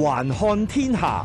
環看天下。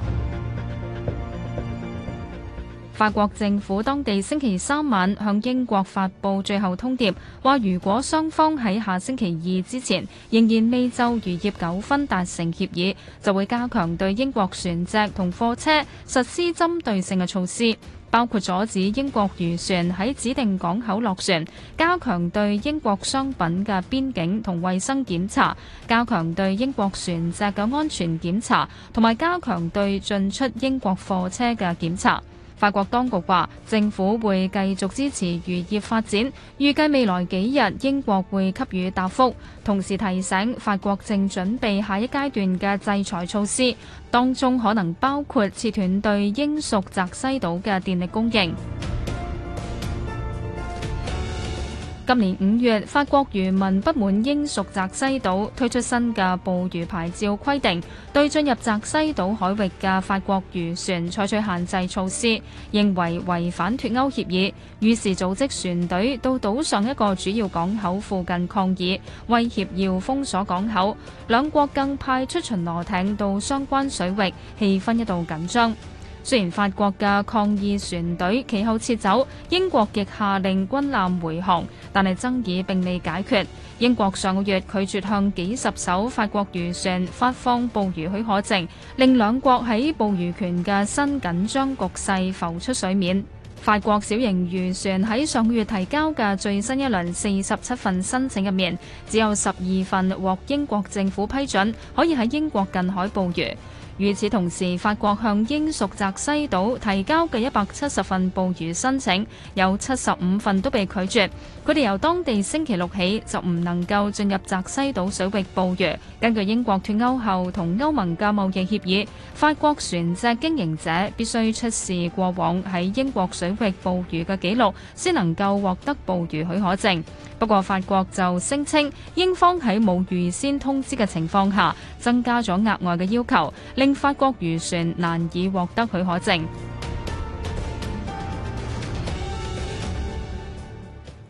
法國政府當地星期三晚向英國發布最後通牒，話如果雙方喺下星期二之前仍然未就漁業糾紛達成協議，就會加強對英國船隻同貨車實施針對性嘅措施。包括阻止英國漁船喺指定港口落船，加強對英國商品嘅邊境同衛生檢查，加強對英國船隻嘅安全檢查，同埋加強對進出英國貨車嘅檢查。法國當局話，政府會繼續支持漁業發展，預計未來幾日英國會給予答覆。同時提醒法國正準備下一階段嘅制裁措施，當中可能包括切斷對英屬澤西島嘅電力供應。今年五月，法國漁民不滿英屬澤西島推出新嘅捕魚牌照規定，對進入澤西島海域嘅法國漁船採取限制措施，認為違反脫歐協議，於是組織船隊到島上一個主要港口附近抗議，威脅要封鎖港口。兩國更派出巡邏艇到相關水域，氣氛一度緊張。雖然法國嘅抗議船隊其後撤走，英國亦下令軍艦回航，但係爭議並未解決。英國上個月拒絕向幾十艘法國漁船發放捕魚許可證，令兩國喺捕魚權嘅新緊張局勢浮出水面。法國小型漁船喺上個月提交嘅最新一輪四十七份申請入面，只有十二份獲英國政府批准，可以喺英國近海捕魚。與此同時，法國向英屬澤西島提交嘅一百七十份捕魚申請，有七十五份都被拒絕。佢哋由當地星期六起就唔能夠進入澤西島水域捕魚。根據英國脫歐後同歐盟嘅貿易協議，法國船隻經營者必須出示過往喺英國水域捕魚嘅記錄，先能夠獲得捕魚許可證。不過法國就聲稱，英方喺冇預先通知嘅情況下，增加咗額外嘅要求，令令法國漁船難以獲得許可證。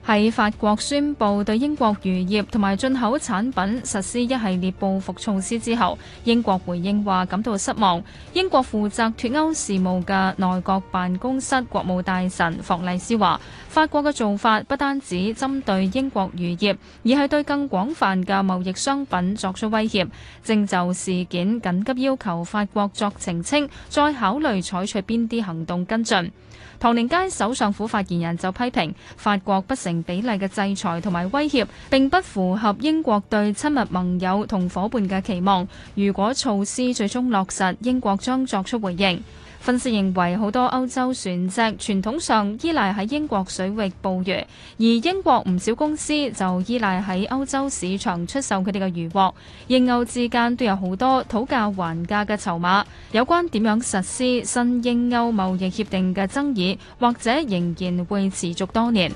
喺法國宣布對英國漁業同埋進口產品實施一系列報復措施之後，英國回應話感到失望。英國負責脫歐事務嘅內閣辦公室國務大臣霍麗斯話：法國嘅做法不單止針對英國漁業，而係對更廣泛嘅貿易商品作出威脅。正就事件緊急要求法國作澄清，再考慮採取邊啲行動跟進。唐寧街首相府發言人就批評法國不成比例嘅制裁同埋威脅，並不符合英國對親密盟友同伙伴嘅期望。如果措施最終落實，英國將作出回應。分析認為，好多歐洲船隻傳統上依賴喺英國水域捕魚，而英國唔少公司就依賴喺歐洲市場出售佢哋嘅漁獲。英歐之間都有好多討價還價嘅籌碼。有關點樣實施新英歐貿易協定嘅爭議，或者仍然會持續多年。